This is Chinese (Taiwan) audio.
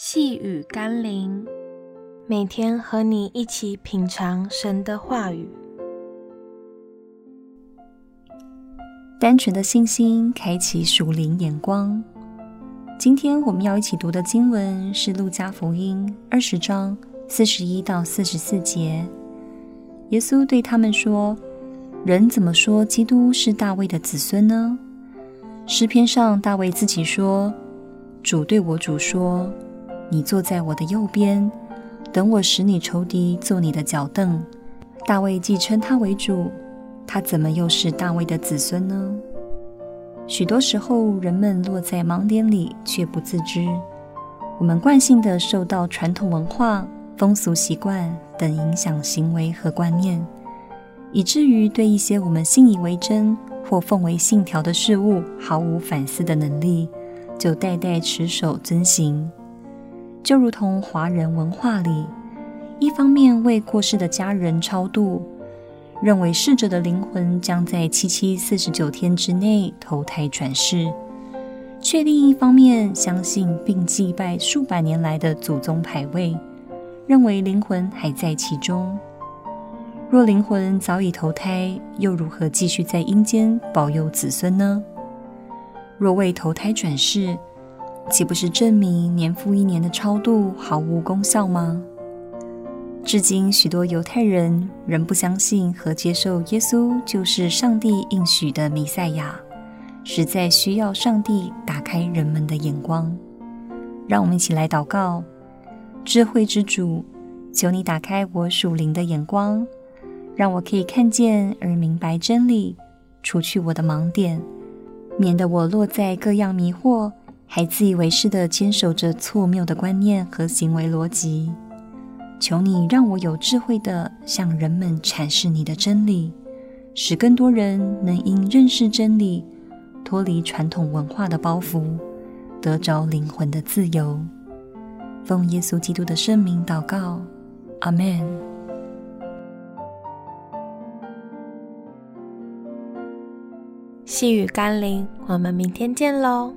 細語甘霖，每天和你一起品嘗神的話語。單純的信心開啟屬靈眼光。今天我們要一起讀的經文是《路加福音》二十章四十一到四十四節。耶穌對他們說：“人怎麼說基督是大衛的子孫呢？”詩篇上大衛自己說：“主對我主說。”你坐在我的右邊，等我使你仇敵作你的腳凳。大衛既稱他為主，他怎麼又是大衛的子孫呢？許多時候，人們落在盲點裡卻不自知。我們慣性地受到傳統文化、風俗習慣等影響，行為和觀念，以至於對一些我們信以為真或奉為信條的事物，毫無反思的能力，就代代持守遵行。就如同華人文化裡，一方面為過世的家人超度，認為逝者的靈魂將在七七四十九天之內投胎轉世，卻另一方面相信並祭拜數百年來的祖宗牌位，認為靈魂還在其中。若靈魂早已投胎，又如何繼續在陰間保佑子孫呢？若未投胎轉世，豈不是證明年復一年的超度毫無功效嗎？至今許多猶太人仍不相信和接受耶穌就是上帝應許的彌賽亞，實在需要上帝打開人們的眼光。讓我們一起來禱告：智慧之主，求你打開我屬靈的眼光，讓我可以看見而明白真理，除去我的盲點，免得我落在各樣迷惑。還自以為是的堅守着錯謬的觀念和行為邏輯，求你讓我有智慧地向人們闡釋你的真理，使更多人能因認識真理，脫離傳統文化的包袱，得着靈魂的自由。奉耶穌基督的聖名禱告，阿們！細語甘霖，我們明天見嘍。